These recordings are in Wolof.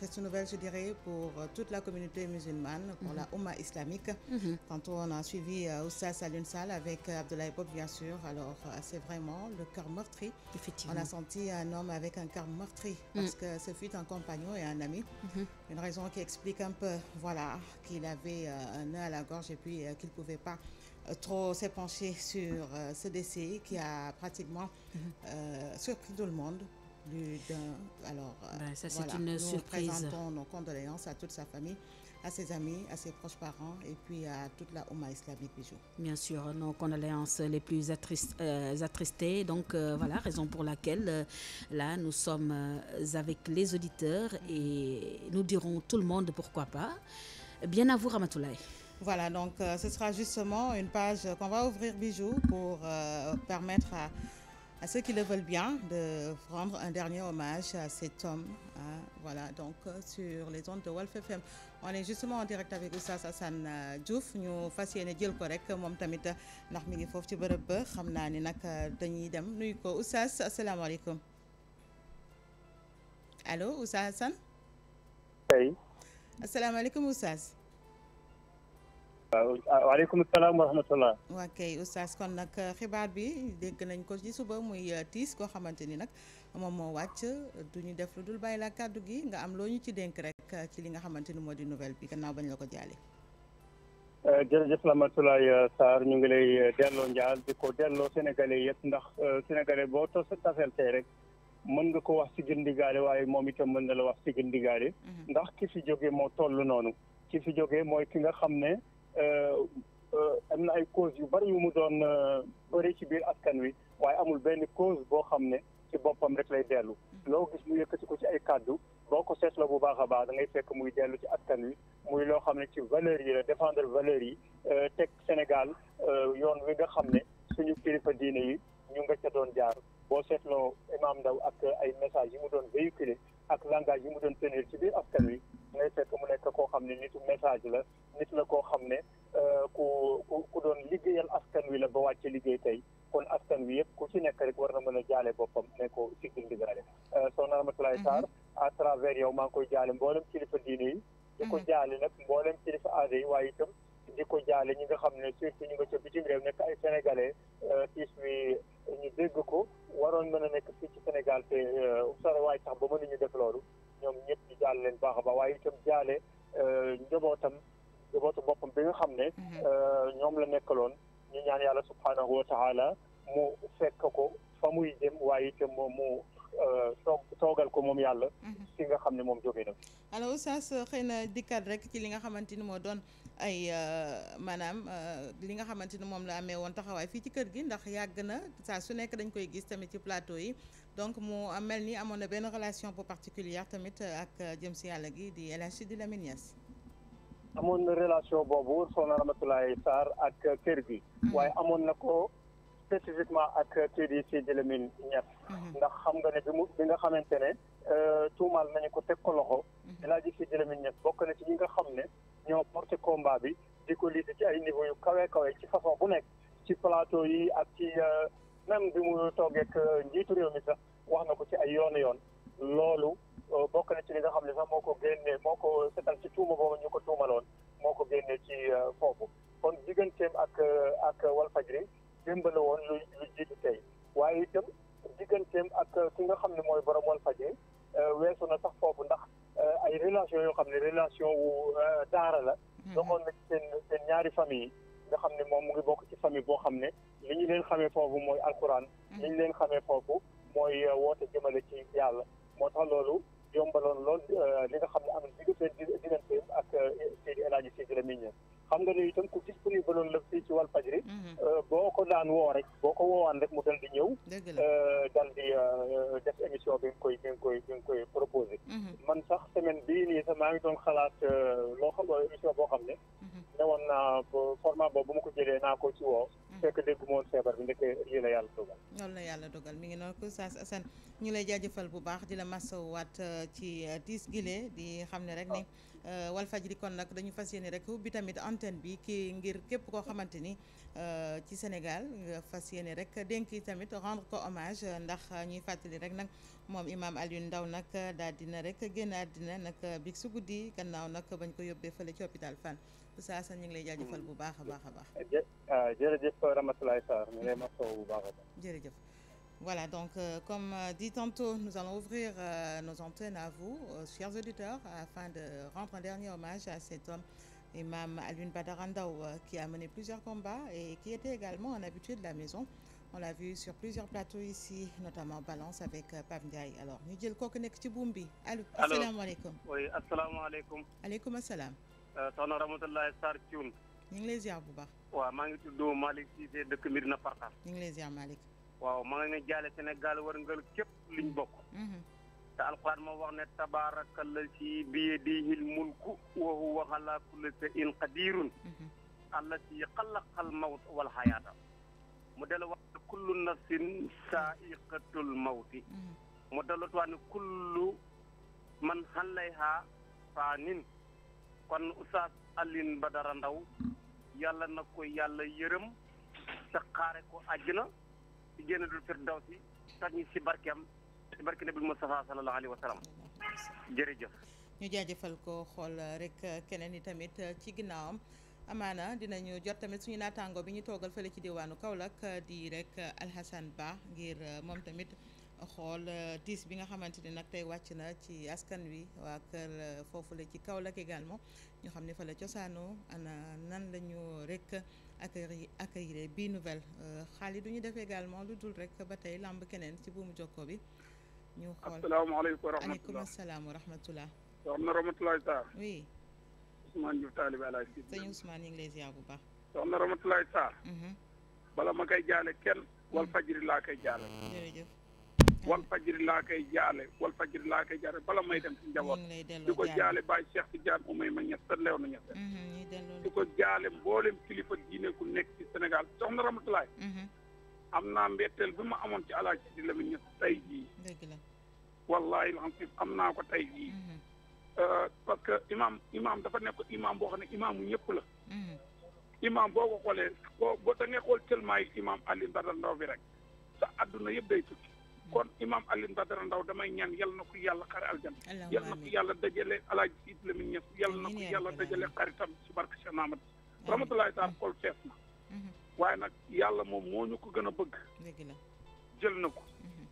directrice nouvelle, je dirais, pour euh, la communauté musulmane, pour mm -hmm. la Oumma islamique. Mm -hmm. Tantôt, on a suivi euh, Oussa Saloun Sal avec euh, Abdoulaye Bob, bien sûr. c'est vraiment le cœur meurtri. On a senti un homme avec un cœur meurtri parce mm. que ce fut un compagnon et un ami. Mhm. Une raison qui explique un peu, qu'il avait un nœud à la gorge et qu'il ne pouvait pas trop s'est sur ce décès qui a pratiquement mhm. surpris tout le monde. plus d'un alors euh, ben, ça c'est voilà, une nous surprise nous présentons nos condoléances à toute sa famille à ses amis à ses proches parents et puis à toute la Oumma islamique Bijou bien sûr nos condoléances les plus attristes, euh, attristées donc euh, voilà raison pour laquelle euh, là nous sommes euh, avec les auditeurs et nous dirons tout le monde pourquoi pas bien à vous Ramatoulaye voilà donc euh, ce sera justement une page qu'on va ouvrir Bijou pour permettre à à ceux qui le veulent bien de rendre un dernier hommage à cet homme voilà donc euh, sur les ondes de Walf FM on est justement en direct avec Oustaz Assane euh, Diouf ñu fas yéene jël ko rek moom tamit ndax mi ngi foofu ci bërëb ba xam naa ni nag euh, dañuy dem nuyu ko Oustaz asalaamaaleykum allo Oustaz Assane. tey. asalaamaaleykum Oustaz. waaw waaleykum salaam wa rahmatullah. waa kay oustaz kon nag euh, xibaar bi dégg nañ ko ci suba muy euh, tiis koo xamante ni nag moom moo wàcc du ñu def lu dul bàyyi la kàddu gi nga am loo ñu ci dénk rek euh, ci li nga xamante ni moo di nouvelle bi gannaaw bañ la ko jaale. jërëjëf Ramatoulaye Sarr ñu ngi lay delloo njaal di ko delloo sénégalais yëpp ndax sénégalais boo tos taseel tey rek mën nga ko wax ci gindigaale waaye moom itam mën na la wax si gindigaale mhm. ndax ki Euh, euh, am na ay cause yu bari yu mu doon euh, bëri ci biir askan wi waaye amul benn cause boo xam ne ci boppam rek lay dellu loo gis mu yëkkati ko ci ay kàddu boo ko seetloo bu baax a baax da ngay fekk muy dellu ci askan wi muy loo xam ne ci valeur yi la défendre valeurs yi teg Sénégal yoon wi nga xam ne suñu kilifa diine yi ñu nga ca doon jaar boo seetloo Imam Ndaw ak ay messages yi mu doon kile ak langage yi mu doon tenir ci biir askan wi nekk koo xam ne nitu message la nit la koo xam ne euh, ku ku doon liggéeyal askan wi la ba wàcc liggéey tey kon askan wi yëpp ku ci nekk rek war na mën a jaale boppam ne ko sigil ndigaale euh, soxna Ramatoulaye mhm. Sarr à travers yow maa ngi koy jaale mboolem kilifa diine yi di ko mhm. jaale nag mboolem kilifa aada yi waaye itam di ko jaale ñi nga xam ne surtout ñu nga ca bitim réew nekk ay sénégalais euh, tiis wi ñu dégg ko waroon mën a nekk fii ci Sénégal te euh, sore waay tax ba mënuñu def loolu ñoom ñëpp di jaale leen baax a baax waaye itam jaale euh, njabootam njabootu boppam bi nga xam ne mhm. ñoom la nekkaloon ñu ñaan yàlla subhaanahu wa taala mu fekk ko fa muy jëm waaye itam mu toog toogal ko moom yàlla mhm. fi nga xam ne moom jógee na alors oustaz xëy na dikkat rek ci li nga xamante ni moo ay euh, maanaam euh, li nga xamante ni moom la amee woon taxawaay fii ci kër gi ndax yàgg na saa su nekk dañ koy gis tamit ci plateau yi donc mu mel ni amoon na benn relation bu particulière tamit ak euh, jëm si yàlla gi di El Hadji Lamine amoon na relation boobu soxna Ramatoulaye Sarr ak kër gi mhm. waaye amoon na ko spécifiquement ak kii di Sidi Lamine mhm. ndax xam nga ne bi nga xamante ne tuumaal nañu ko teg ko loxo mhm. El Hadji Sidi Lamine Niass bokk na ci ñi nga xam ne ñoo porté combat bi di ko liggéey ci ay niveau yu kawe kawe ci façon bu nekk ci plateau yi ak ci euh, même bi mu toogee ak euh, njiitu réew mi sax wax na ko ci ay yoon yoon loolu euh, bokk ci li nga xam ne sax moo ko génnee moo ko setal ci tuuma boobu ñu ko tuumaloon moo ko génnee ci foofu kon digganteem ak ak Walfadjri démb la woon lu lu jiitu tey waaye itam digganteem ak ki nga xam ne mooy borom Walfadjri weesu na sax foofu ndax. Euh, ay relation yoo xam ne relation wu euh, daara la. doxoon mhm. na ci seen seen ñaari famille nga xam ne moom mu ngi bokk ci famille boo xam ne li ñu leen xamee foofu mooy alquran. Mhm. li ñu leen xamee foofu mooy euh, woote jëmale ci yàlla moo tax loolu yombaloon lool li nga xam ne am na diggante diggante ak Seydi El Hadji Seydi Lamine xam nga ne itam ku disponible loolu la fii ci Walfadjri mhm. euh, boo ko daan woo rek boo ko wowaan rek mu dal di ñëw euh, dal di euh, def émission bi nga koy bi nga koy bi nga proposé mhm. man sax semaine bii nii sax maa ngi doon xalaat loo xam émission boo xam ne mhm. ne naa format boobu bu ma ko jëlee naa ko ci woo fekk déggu moon feebar bi ndeke lii la yàlla dogal yàlla dogal mi ngi noonu ko Oustaz Assane ñu lay jaajëfal bu baax di la masawaat euh, ci euh, tiis gile di xam ne rek ni euh, Walfadjri kon nag dañu fas yéene rek ubbi tamit antenne bi kii ngir képp koo xamante ni ci Sénégal fas yéene rek dénk tamit rendre ko hommage ndax ñuy fàttali rek nag moom Imam Alioune ndaw nag daal dina rek génn àddina nag bi su guddi gannaaw nag bañ ko yóbbee fële ci hôpital Fann Oustaz Assane ñu ngi lay jaajëfal bu baax a baax a baax. jë eh ah, jërëjëf euh, Ramatoulaye Sarr ñu ngi lay masawu bu baax a baax. jërëjëf voilà donc euh, comme euh, dit tantôt nous allons ouvrir euh, nos antennes à vous euh, chers auditeurs afin de rendre un dernier hommage à cet homme. Imam Alioune Badara Ndao qui a mené plusieurs combats et qui était également un habitué de la maison on l'a vu sur plusieurs plateaux ici notamment Balance avec Pape Ndiaye alors ñu jël kooku nekk ci buum bi allo. asalaamaaleykum oui asalaamaaleykum. aleykum asalaam. soxna Ramatoulaye Sarr Thioune. ñu ngi lay ziar bu baax. waaw maa ngi tudd Malick Cissé dëkk Medina Parka. ñu ngi waaw maa ngi jaale Sénégal war ngal képp liñ bokk. Mhm. te alquran moo wax ne tabaaraka la si biyadihi l mulku wa huwa ala kulli shay'in qadirun. Mhm. allati xalaqal mawt wal xayaata. mu dellu wax ne kullu nafsin saa'iqatul mawti. Mhm. mu dellu wax ne kullu man xalayha faanin kon Oustaz Alioune Badara Ndao yàlla na ko yàlla yërëm te xaare ko àjjana ci génnadul firdawsi tax ñi si barkeem si barke nabil Mustafa sallallahu alayhi wa sallam jërëjëf ñu jaajëfal ko xool rek keneen yi tamit ci ginnaawam amaana dinañu jot tamit suñu naataango bi ñu toogal fële ci diwaanu Kaolack di rek Alhassane Ba ngir moom tamit xool euh, tiis bi nga xamante ni nag tey wàcc na ci askan wi waa kër euh, foofu la ci kaw Kaolack également ñu xam ne fa la cosaanoo ana nan la ñu rek accueillir bii nouvelle euh, xaalis yi du ñu def également lu dul rek ba tey làmb keneen ci buumu jokkoo bi. ñu xool asalaamaaleykum wa rahmatulah aleykum asalaam wa rahmatulah. soxna Ramatoulaye Sarr. oui. Ousmane Diouf Talibe El Hadj. sëñ Ousmane ñu ngi lay ziar bu baax. soxna Ramatoulaye Sarr. Mhm. bala ma koy jaale kenn mhm. wal fajri laa koy jaale. jërëjëf. wal fajiri laa koy jaale wal fajiri laa koy jaale bala may dem si njaboot di ko jaale Baye Cheikh Tidiane umay ma ñes ta leew na ñes mhm, di ko jaale mboolem kilifa diine ku nekk ci Sénégal soxna Ramatulaay mhm. am naa mbetteel bi ma amoon ci alaaji di la mu ñes tey jii wallaahi alhamdulilah am naa ko tey jii mhm. euh, parce que imaam imaam dafa nekk imaam boo xam ne imaamu ñëpp la imaam boo ko xoolee boo boo da ngay xool tellement yi imaam Alioune Badara Ndao bi rek sa adduna yëpp day kon imam Alioune Badara Ndao damay ñaan yal na ko yàlla xare aljan yal na ko yàlla dajale alaaji siid lamin ñes yal na ko yàlla dajale xaritam si barke Cheikh Ahmad rahmatulahi taala xol fees na mhm. waaye nag yàlla moom moo ñu ko gën a bëgg jël na ko mhm.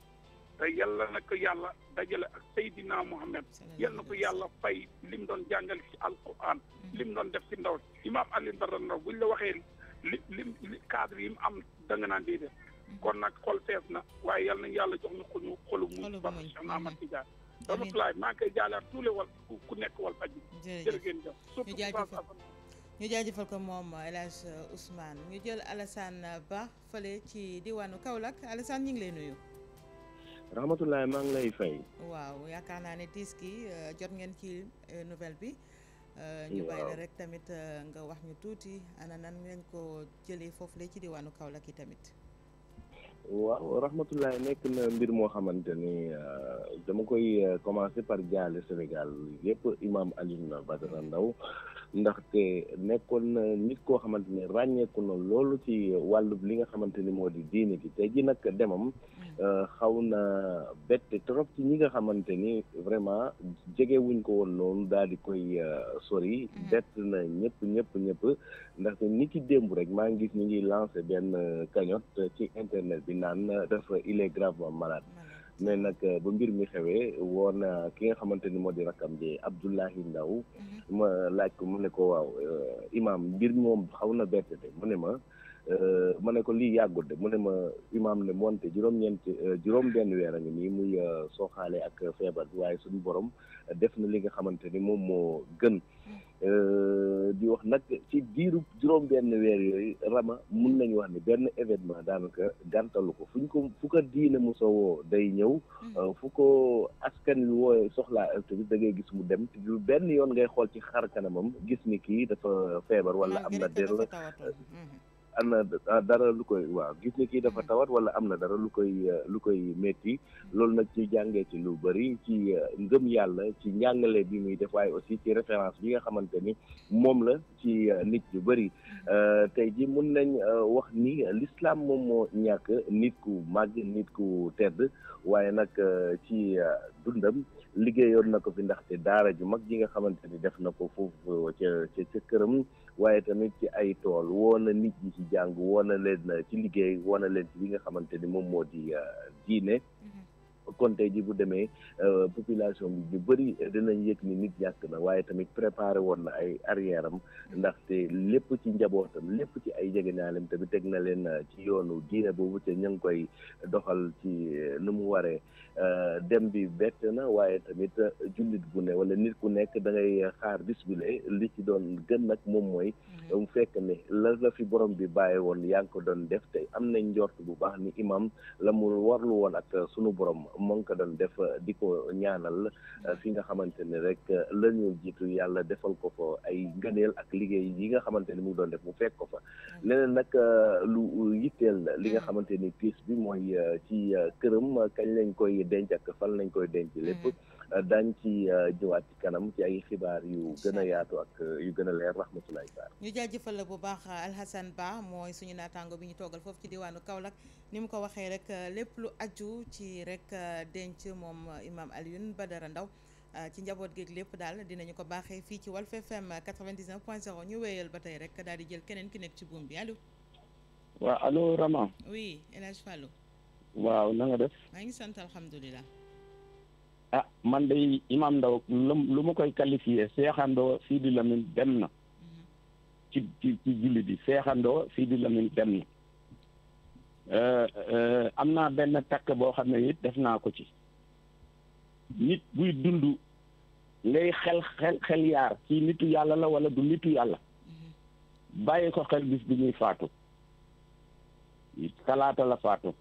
te yàlla na yàlla dajale ak Seydina Mohamed yal na ko yàlla fay lim doon jàngal ci alquran mhm. lim doon def ci ndaw imam Alioune Badara Ndao buñ la waxee li lim cadre yi mu am da nga naan dee kon nag xol fees na waaye yal nañu yàlla jox ñu xolu xolu muñ ba Cheikh Ahmad Tidiane Ramatoulaye maa ngi koy jaalaat tous wal ku nekk wal faji jërë ngeen jëf ñu jaajëfal ko moom El Hadj Ousmane ñu jël Alassane Ba fële ci diwaanu Kaolack Alassane ñu ngi lay nuyu Ramatoulaye maa ngi lay fay waaw yaakaar naa ne tiis ki euh, jot ngeen ci euh, nouvelle bi euh, ñu bàyyi la rek tamit nga wax ñu tuuti ana nan ngeen ko jële foofu le ci diwaanu Kaolack yi tamit waaw rahmatullahi nekk na mbir moo xamante ni euh, dama koy euh, commencé par jaale Sénégal yëpp imam Alioune Badara Ndao ndaxte nekkoon na nit koo xamante ne ràññeeku na loolu ci wàllu li nga xamante ni moo di diine bi tey ji nag demam mm. euh, xaw na bett trop ci ñi nga xamante ni vraiment jegewuñ ko woon noonu daal di koy euh, sori mm. bett na ñëpp ñëpp ñëpp ndaxte nit ki démb rek maa ngi gis ñu ngi lancé benn cagnotte ci internet bi naan euh, dafa il est gravement malade mais nag euh, ba mbir mi xewee woon euh, ki nga xamante ni moo di rakkam ji Abdoulahi Ndaw mhm. ma laaj ko mu ne ko waaw euh, imaam mbir moom xaw na bett de mu ne ma ma ne ko li yàggut de mu ne ma imaam ne moonte juróom-ñeent juróom-benn weer a ngi nii muy sooxaale ak feebar bi waaye suñu borom def na li nga xamante ni moom moo gën Euh, di wax nag ci diiru juróom-benn weer yooyu rama mun nañu wax ni benn événement daanaka gàntalu ko fu ñu ko fu ko diine mu soo day ñëw. Mm. Euh, fu ko askan wi wooyee soxlaa tamit da ngay gis mu dem te du benn yoon ngay xool ci xar kanamam gis ni kii dafa feebar wala ah, am na dér am na dara lu koy waaw gis ni kii dafa tawat wala am na dara lu koy lu koy métti loolu nag ci jàngee ci lu bari ci uh, ngëm yàlla ci njàngale bi muy def waaye aussi ci référence bi nga xamante ni moom la ci uh, nit yu bëri uh, tey ji mun nañ wax ni lislaam moom moo ñàkk nit ku màgg nit ku tedd waaye nag ci dundam liggéeyoon na ko fi ndaxte daara ju mag ji nga xamante ni def na ko foofu ca ca ca këram waaye tamit ci ay tool woo na nit ñi ci jàng woo na leen ci liggéey woo na leen ci li nga xamante ni moom moo di ah, diine mm-hmm. kon tey ji bu demee euh, population bi ñu bëri dinañ yëg ni nit ñàkk na waaye tamit préparé woon na ay arrière am ndaxte lépp ci njabootam lépp ci ay jegeñaalem tamit teg na leen euh, ci yoonu diine boobu te ñu ngi koy doxal ci euh, nu mu waree dem bi bett na waaye tamit jullit bu ne wala nit ku nekk da ngay xaar bis li ci doon gën nag moom mooy mm-hmm. mu fekk ne la la fi borom bi bàyyi woon yaa ngi ko doon def te am nañ njort bu baax ni imam la mu warlu woon ak sunu borom mu ngi ko def uh, di ko ñaanal uh, fi nga xamante ne rek uh, la ñu jiitu yàlla defal ko fa ay gëneel ak liggéey yi nga xamante ni mu doon def mu fekk ko fa leneen nag lu yitteel li nga ah. xamante ni tiis bi mooy ci këram kañ lañ koy denc ak fan lañ koy denc lépp mm-hmm. daañ ci euh, ñëwaat ci kanam ci ay xibaar yu gën a yaatu ak euh, yu gën a leer rahmatulahi taala ñu jaajëfal la bu baax alhassan Ba mooy suñu naataango bi ñu toogal foofu ci diwaanu kaw Kaolack ni mu ko waxee rek euh, lépp lu aju ci rek denc moom Imam ba dara ndaw ci njaboot geeg lépp daal dinañu ko baaxee fii ci Walf FM 99 point 0 ñu wéyal ba tey rek daal di jël keneen ki nekk ci buum bi allo. waaw allo Rama. oui El Hadj Fallou. maa ngi sant ah man day imam ndaw lu ma koy qualifié seexandoo Sidi Lamine dem na ci ci ci julli bi seexandoo fii Sidi Lamine dem na euh, euh, am na benn takk boo xam ne it def naa ko ci nit buy dund ngay xel xel xel yaar ci nitu yàlla la wala du nitu yàlla bàyyee ko xel bis bi ñuy faatu talaata la faatu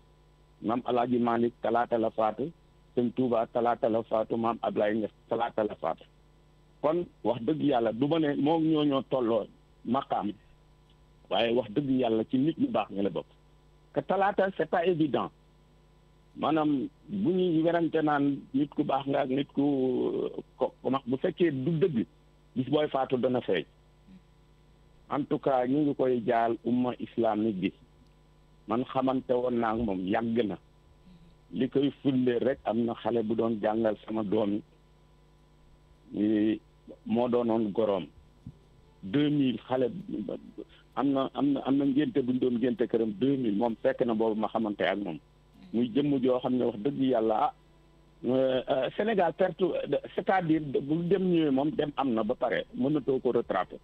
maam alaaji Malick talaata la faatu sëñ Touba talaata la faatu maam lay Niass talaata la faatu kon wax dëgg yàlla du ma ne moom ñoo ñoo tolloo maqaam waaye wax dëgg yàlla ci nit ñu baax nga la bokk que talaata c'est pas évident maanaam bu ñuy werante naan nit ku baax nga ak nit ku ko bu fekkee du dëgg bis booy faatu dana feeñ en tout cas ñu ngi koy jaal umma islamique bi man xamante woon naa ak moom yàgg na li koy firndee rek am na xale bu doon jàngal sama doom yi moo doonoon goroom deux mille xale am na am na am na ngénte buñ doon ngénte këram deux mille moom fekk na boobu ma xamante ak moom muy jëmm joo xam ne wax dëgg yàlla ah euh, Sénégal perte c'est-à-dire bu dem ñëwee moom dem am na ba pare mënatoo ko retraper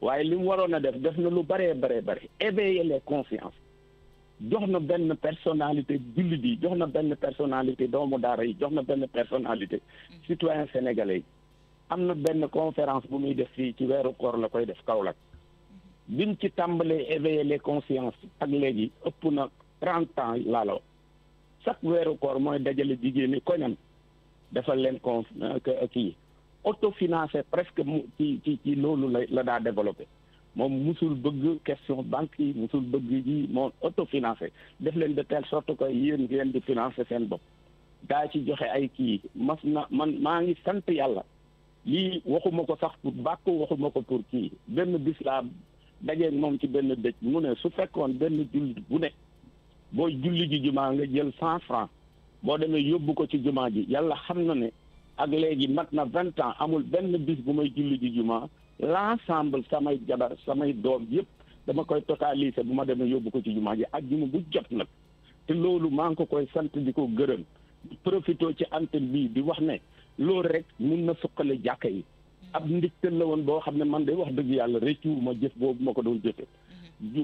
waaye li mu waroon a def def na lu bëree baree bëri éveiller les jox na benn personnalité jullit yi jox na benn personnalité doomu daara yi jox na benn personnalité citoyen sénégalais yi am na benn conférence bu muy def fii ci weeru koor la koy def bi biñ ci tàmbalee éveiller les consciences ak léegi ëpp na trente ans laalo chaque weeru koor mooy dajale jigéen ñi koñam defal leen con euh, euh, kii autofinancé presque mu ci ci ci loolu la la daa développé moom musul bëgg question banque yi musul bëgg yi moom autofinancé def leen de telle sorte que yéen ngeen di financé seen bopp daa ci joxe ay kii mas na man maa ngi sant yàlla lii waxuma ko sax pour bàkk waxuma ko pour kii benn bis laa dajee moom ci benn dëj mu ne su fekkoon benn jullit bu ne booy julli ji jumaa nga jël cent franc boo demee yóbbu ko ci jumaa ji yàlla xam na ne ak léegi mat na vingt ans amul benn bis bu may julli ji jumaa l'ensemble samay jabar samay doom yëpp dama koy totaliser bu ma demee yóbbu ko ci jumaa ji ak juma bu jot nag te loolu maa ngi ko koy sant di ko gërëm profito ci antenne bii di wax ne loolu rek mun na suqale jàkka yi ab ndigtal la woon boo xam ne man de wax dëgg yàlla rëccu ma jëf boobu ma ko doon jëfe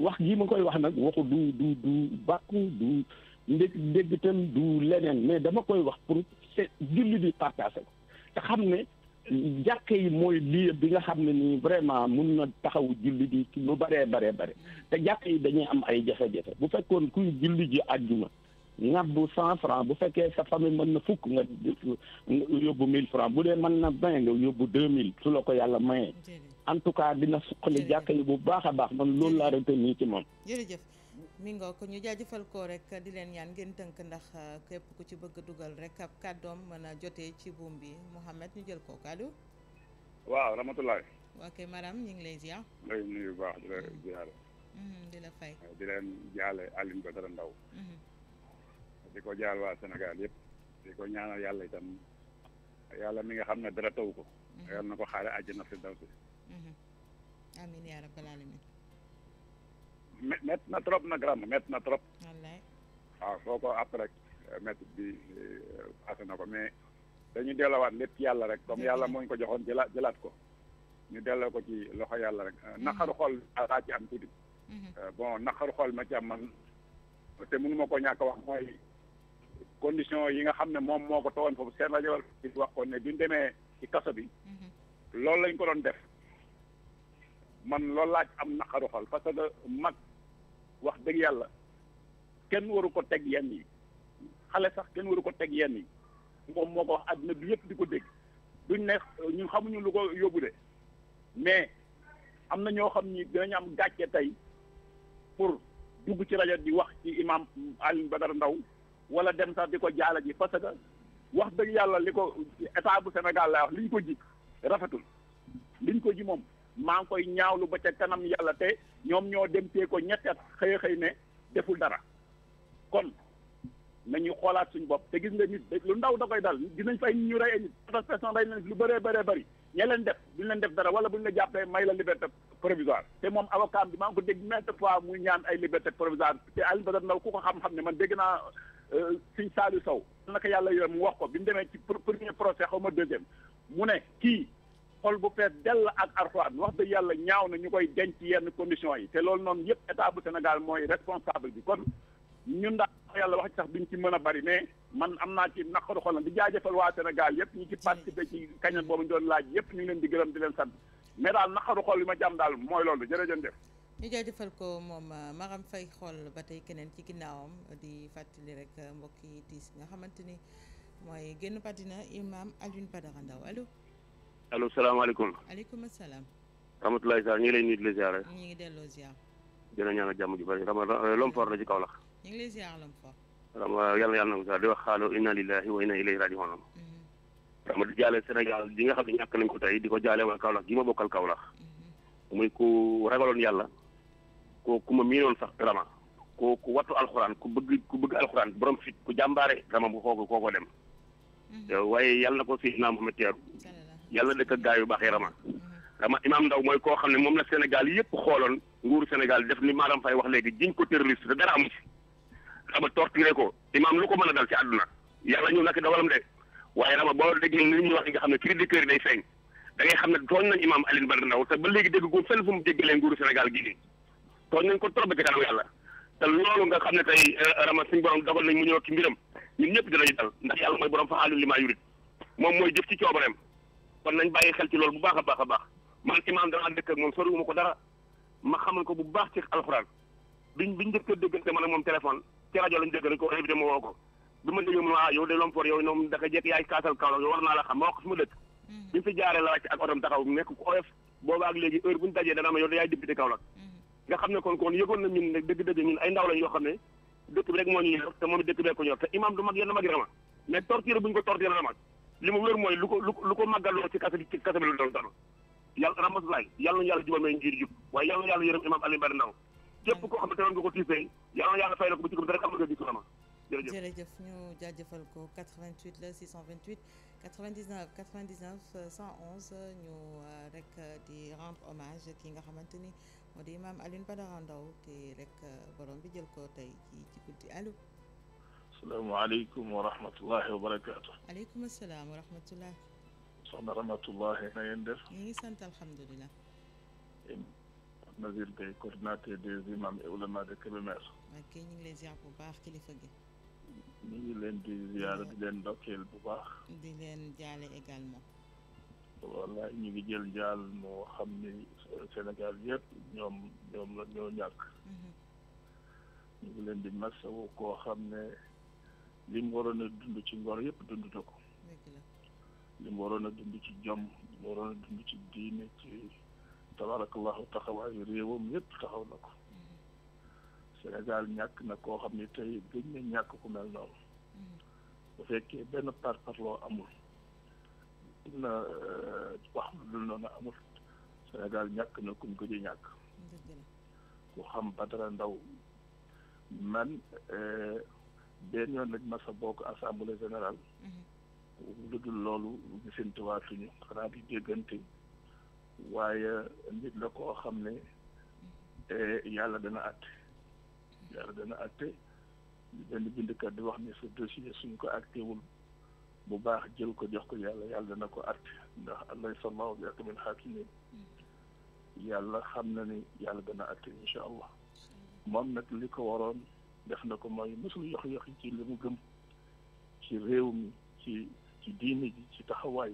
wax gii ma koy wax nag waxu du du du bàkku du ndég ndéggital du leneen mais dama koy wax pour c'est julli bi partagé ko te xam ne jàkka yi mooy lieu bi nga xam ne nii vraiment mun na taxawu julli di ci lu bëree baree bëri te jàkka yi dañuy am ay jafe-jafe bu fekkoon kuy julli ji àjjuma ngabbu cent franc bu fekkee sa famille mën na fukk nga yóbbu mille franc bu dee mën na vingt nga yóbbu deux mille su la ko yàlla mayee en tout cas dina suqali jàkka yi bu baax a baax man loolu laa retenir ci moom mi ngoo ko ñu jaajëfal ko rek di leen ñaan ngeen tënk ndax euh, képp ku ci bëgg dugal rek ab kàddoom mën a jotee ci buum bi Mouhamed ñu jël ko allo. waaw rahmatulah. ok madame ñu ngi lay baax di la mm-hmm. ziar. Mm-hmm, di la fay. di leen jaale Alioune Badara Ndao. Mm-hmm. di ko jaal waa Sénégal yëpp. di ko ñaanal yàlla itam yàlla mi nga xam ne dara taw ko. yàlla na ko xaare àjjana fi daw si. amiin yaa rabbal aalamiin. mett na trop nag ram mett na trop. waaw ah, soo ko après eh, métti bi passé eh, na ko mais dañu dellowaat lépp yàlla rek comme yàlla moo ko joxoon jëlaat jëlaat ko ñu delloo ko ci loxo yàlla rek mm-hmm. naqaru xol laa ci am tuuti. Mm-hmm. Eh, bon naqaru xol ma ci am man te mënu ma ko ñàkk wax mooy condition yi nga xam ne moom moo ko toogoon foofu seen rajo bi wax ko ne bi ñu demee ci kaso bi. Mm-hmm. loolu lañ ko doon def man loolu laa am naqaru xol parce mag. wax dëgg yàlla kenn waru ko teg yenn yi xale sax kenn waru ko teg yenn yi moom moo ko wax àdduna bi yëpp di ko dégg duñ ne ñun xamuñu lu ko yóbbu de mais am na ñoo xam ni dinañ am gàcce tey pour dugg ci rajo di wax ci imam Alioune Badara Ndao wala dem sax di ko jaala ji parce que wax dëgg yàlla li ko état bu Sénégal liñ ko ji rafetul liñ ko ji moom maa ngi koy ñaawlu ba ca kanam yàlla te ñoom ñoo dem tee ko ñetti at xëy xëy ne deful dara kon nañu xoolaat suñu bopp te gis nga nit lu ndaw da koy dal gis nañ fay ñu rey ay nit quatorze personnes rey nañ lu bëree bëree bëri def duñ leen def dara wala buñ la jàppee may la liberté provisoire te moom avocat bi maa ngi ko dégg maintes muy ñaan ay liberté provisoire te Alioune Badara Ndao ku ko xam-xam ne man dégg naa euh, suñ Saliou Sow naka yàlla yooyu mu wax ko bi mu demee ci premier procès xaw ma deuxième mu ne kii xol bu fees dell ak Alxuraan wax dëgg yàlla ñaaw na ñu koy denc yenn conditions yi te loolu noonu yëpp état bu Sénégal mooy responsable bi kon ñun daal yàlla wax ci sax ñu ci mën a bari mais man am naa ci naqaru xol na di jaajëfal waa Sénégal yëpp ñu ci mm. participé ci kañal boobu ñu doon laaj yëpp ñu ngi leen di gërëm di leen sant mais daal naqaru xol li ma ci am daal mooy loolu jërëjëf def ñu jaajëfal ko moom euh, Maram Faye xool ba tey keneen ci ginnaawam di fàttali rek euh, mbokk yi tiis nga xamante ni mooy génn patina Imam Alioune Badara Ndao allo allo salaamaaleykum. aleykum salaam. rahmatulahi saa ñu ngi lay la ziar. ñu ngi delloo ziar. dina ñaanal euh, la ci Kaolack. ñu ngi lay di wax xaaloo inna lillahi wa inna ilayhi rajiun. Mm-hmm. rama di jaale Sénégal di nga xam ne ñàkk nañ ko tey di ko jaale waa Kaolack gi ma bokkal Kaolack. Mm-hmm. muy ku ragaloon yàlla. kooku ku ma miinoon sax rama. kooku wattu alxuraan ku bëgg ku bëgg alxuraan borom fit ku jàmbaare rama bu xoogu kooko dem. Mm-hmm. waaye yàlla na ko Seydina Muhammad teeru yàlla dëkk ak gaa yu baax yi Rama. Rama Imaam Ndaw mooy koo xam ne moom la Sénégal yëpp xooloon nguuru Sénégal def ni maa Maram Faye wax léegi jiñ ko terroriste te dara amu ci. Rama torturé ko Imaam lu ko mën a dal ci àdduna yàlla ñu nag dogalam de waaye Rama boo déggee ni ñu wax nga xam ne cri de cœur day feeñ da xam ne tooñ nañ Imaam Alioune Badara ndaw te ba léegi dégg gu fenn fu mu jéggalee nguuru Sénégal gii nii tooñ nañ ko trop ba ci kanam yàlla te loolu xam ne tey euh, Rama suñu borom dogal nañ mu ñëw ci mbiram ñun ñëpp dinañu dal ndax yàlla mooy borom fa xaalu li moom mooy jëf ci coobareem kon nañ bàyyi xel ci loolu bu baax a baax a baax man imaam damaa dëkk ak moom soriwuma ko dara ma xamal ko bu baax ci alxuraan a déggante moom téléphone ci rajo lañ dégg rek ko invité ma woo ko bi ma déggee mu ne ah yow de Lom Fort yow noom dëkk mm-hmm. biñ bu ñu dajee dana ma yow de yaay député Kaolack mm-hmm. nga ne ay ndaw lañ yoo xam ne dëkk bi rek moo ñu ñor te moom dëkk bee ko ñor te imaam du mag yenn mag rama mais torture bu ñu ko torture na mag li ma wér mooy lu ko lu ko lu ko màggaloo ci kase bi ci kase yàlla ramasulaay yàlla na yàlla jubal may ngir jub waaye yàlla na yàlla yërëm imam Alioune Badara Ndao képp koo xam ne ko tiisee yàlla na yàlla fay la ko bu ci gëm te rek am nga gis sama jërëjëf jërëjëf ñu jaajëfal ko 88 la ñu euh, rek euh, di rendre hommage ki nga xamante ni moo di imam Alioune Badara Ndao te rek euh, borom bi jël ko tey ci ci guddi allo asalaamaaleykum wa rahmatullahi wa barakaatu. aleykum salaam wa rahmatullah. soxna rahmatullahi na ngeen def. ñu ngi sant alhamdulilah. Nazir Gueye coordinateur des imams et oulémas de Kébémer. ok ñu ngi lay ziar bu baax kilifa gi. ñu ngi leen di ziar di leen ndokkeel bu baax. di leen jaale également. wallaay ñu ngi jël jaal moo xam ni Sénégal yëpp ñoom ñoom la ñoo ñàkk. Mhm. ñu ngi leen di masawu koo xam ne. li mu waroon a dund ci ngor yëpp dund na ko li mu waroon a dund ci jom li mu waroon a dund ci diine ci tabarakallahu taxawaayu réewam yëpp taxaw na ko mm-hmm. Sénégal ñàkk na koo xam ne tey gëñ na ñàkk ku mel noonu mm-hmm. bu fekkee benn par parloo amul na euh, wax lu noonu amul senegal ñàkk na kum gëj a ñàkk ku xam Badara Ndaw man euh, benn yoon lañ mas a bokk assemblée générale mm-hmm. lu dul loolu gisantuwaatuñu xanaa di déggante waaye nit la koo xam ne mm-hmm. yàlla dana àtte yàlla dana àtte ñu benn bindkat di wax ni sa dossier suñ ko àttewul bu baax jël ko jox ko yàlla yàlla dana ko àtte ndax alaysa allahu bi ahkamil haakimiin yàlla xam na ni yàlla dana àtte incha allah moom nag li ko waroon def na ko mooy mosul yox yox yi ci li mu gëm ci réew mi ci ci diini ji ci taxawaay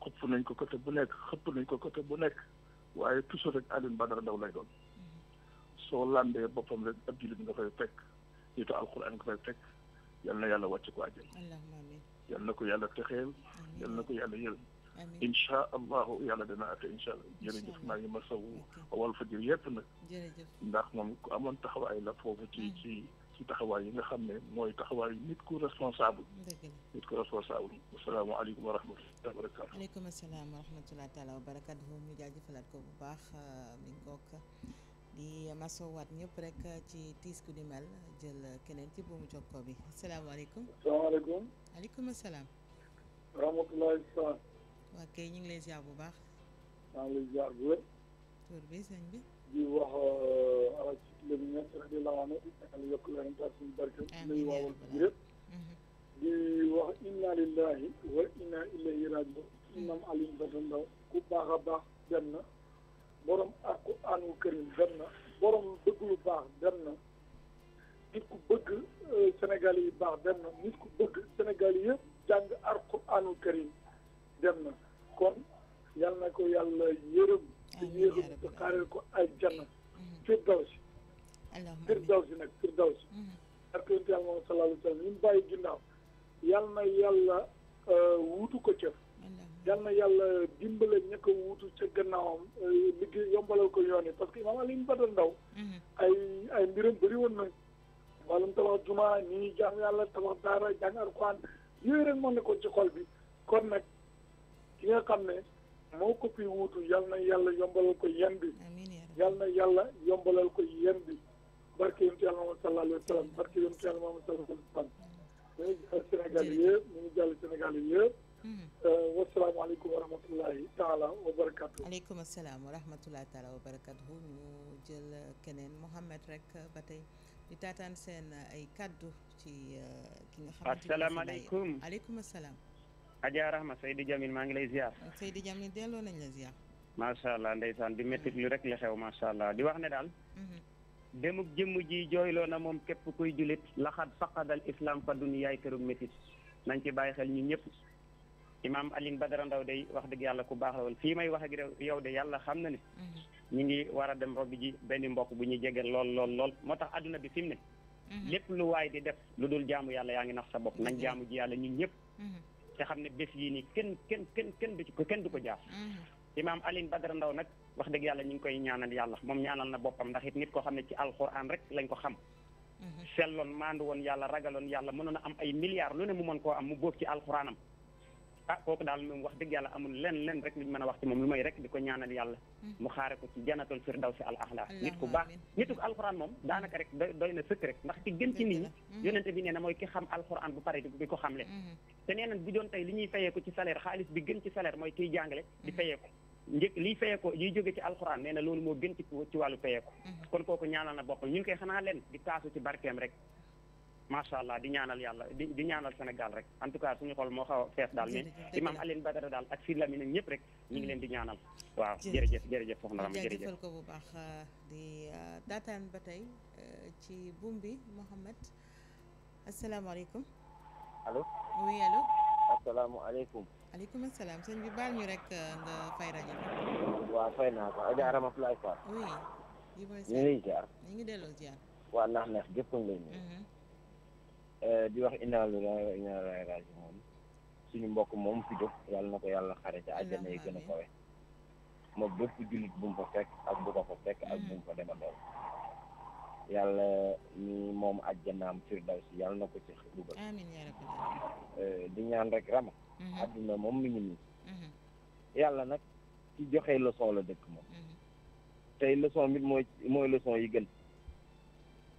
xëpp nañ ko côté bu nekk xëpp nañ ko côté bu nekk waaye toujours rek Alioune Badara Ndao lay doon soo làndee boppam rek ab jullit nga fay fekk nitu alxuraan nga fay fekk yal na yàlla wàcc ko àjjal yal na ko yàlla texeel yal na ko yàlla yërëm incha allahu yàlla dana àtte incha allah jërëjëf maa ngi ma saw wal fajir yëpp nag ndax moom ku amoon taxawaay la foofu ci hmm. ci ci taxawaay yi nga xam ne mooy taxawaay nit ku responsable nit ku responsable asalaamaaleykum wa rahmatulah barakaatu aleykum asalaam wa rahmatulah taala wa barakaatu ñu jaajëfalaat ko bu baax euh, mi ngook di masowaat ñëpp rek ci tiis ku di mel jël keneen ci buumu jokkoo bi asalaamaaleykum asalaamaaleykum aleykum asalaam rahmatulah waa kay ñu bu baax. maa ngi lay ziar bu wér. bi di wax euh, ala ci mhm. wax inna lillahi wa inna ilayhi rajiun. Mm. imam Alioune Badara Ndao ku baax a baax dem na borom ak ku àndu kër borom bëgg baax dem nit ku bëgg euh, Sénégal baax dem nit ku bëgg Sénégal yëpp jàng alquraanul karim dem na kon yal na ko yàlla yërëm te yéexam te ko ay janna firdawsi firdawsi nag firdawsi ak nag yàlla moom sallallahu alayhi wa sallam ñu mu bàyyi ginnaaw yal na yàlla euh, wuutu ko cëf yal na yàlla dimbale ña ko wuutu ca gannaawam euh, liggéey yombalal ko yoon yi parce que imaam Alioune Badara Ndao ay ay mbiram bëri woon na tabax juma nii jaam yàlla tabax daara jàng alquran yooyu moo nekkoon ci xol bi kon nag ki nga xam ne moo ko fi wuutu yal na yàlla yombalal ko yen bi yal na yàlla yombalal ko yen bi barke yonent yàlla Muhammad sallallahu alayhi wa sallam barke yonent yàlla Muhammad sallallahu alayhi wa sallam ñu ngi jàll Sénégal yëpp ñu ngi jàll Sénégal yëpp hmm. euh, wasalaamaaleykum wa rahmatulahi taala wa barakatu aleykum asalaam wa rahmatulahi taala wa barakatuhu ñu jël keneen Mouhamed rek ba tey di taataan seen ay kaddu ci euh, ki nga xam asalaamaaleykum aleykum asalaam Adja Rahma Seydi Jamil maa ngi lay ziar. Seydi Jamil delloo nañ la ziar. macha allah ndeysaan di métti lu rek la xew macha allah di wax ne daal. Mhm. demuk jëmm ji jooyloo na moom képp kuy jullit laxad faqadal islam fa duniyaay kërum métit nañ ci bàyyi xel ñun ñëpp. imaam Alioune Badara Ndaw day wax dëgg yàlla ku baax la woon fii may wax ak yow de yàlla xam na ni mhm. ñu ngi war a dem robbi ji benn mbokk bu ñuy jege lool lool lool moo tax adduna bi fi mu ne. Mhm. lépp lu waay di lu dul jaamu yàlla yaa ngi nax sa bopp nañ jaamu ji yàlla ñun ñëpp. te xam ne bés yii nii kenn kenn kenn kenn du ko kenn du ko jaas mm-hmm. imaam Alioune Badara Ndao nag wax dëgg yàlla ñu ngi koy ñaanal yàlla moom ñaanal na boppam ndax it nit koo xam ne ci alxuraan rek lañ ko xam mm-hmm. selloon maandu woon yàlla ragaloon yàlla mënoon a am ay milliards lu ne mu mën koo am mu góob ci alxuraanam ah kooku daal moom wax dëgg yàlla amul len len rek luñ a wax ci moom lu may rek di ko ñaanal yàlla hmm. mu xaare ko ci janatul firdawsi al ahla nit ku baax nitu alxuraan hmm. alxuraan bu pare di ko xamle hmm. te nee bu doon tey li ñuy fayee ci salaire xaalis bi gën ci salaire mooy kiy jàngale di fayee njëkk liy fayeeko yiy jóge ci alxuraan nee loolu moo gën ci ci wàllu kon kooku ñaanal na boppam ñu koy xanaa leen di taasu ci barkeem rek macha allah di ñaanal yàlla di di ñaanal Sénégal rek en tout cas suñu xol moo xaw a fees daal mais imam Alioune Badara daal ak Sidi Lamine ñëpp rek ñu ngi leen di ñaanal mm. waaw jërëjëf jërëjëf soxna Rama jërëjëf jaajëfal ko bu baax euh, di euh, daataan ba tey euh, ci buum bi Mouhamed asalaamaaleykum allo oui allo asalaamaaleykum aleykum asalaam sëñ bi baal ñu rek nga fay rajo bi waaw fay naa ko Adja Ramatoulaye Fall oui yi mooy ñu ngi lay ziar ñu ngi delloo ziar waa ndax neex gépp ngi lay nuyu mm-hmm. Eh, di wax inna lillahi wa inna ilayhi suñu mbokk moom fi def yàlla na ko yàlla xare ca àjjana yi gën a kawe moom bépp jullit bu mu fa fekk ak bu ko fa fekk ak bu mu fa demandool yàlla ni moom àjjanaam firdawsi yàlla na ko ci dugal eh, mhm. mhm. yàlla nag ci joxe leçon la dëkk moom mhm. tey leçon bi mooy mooy leçon yi gën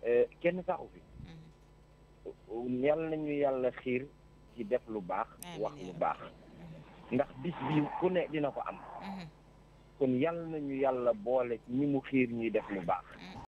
eh, kenn saxu fi yal nañu yàlla xiir ci def lu baax wax lu baax ndax bis bi ku ne dina ko am mhm. kon yal nañu yàlla boole ci ñi mu xiir ñuy def lu baax mhm.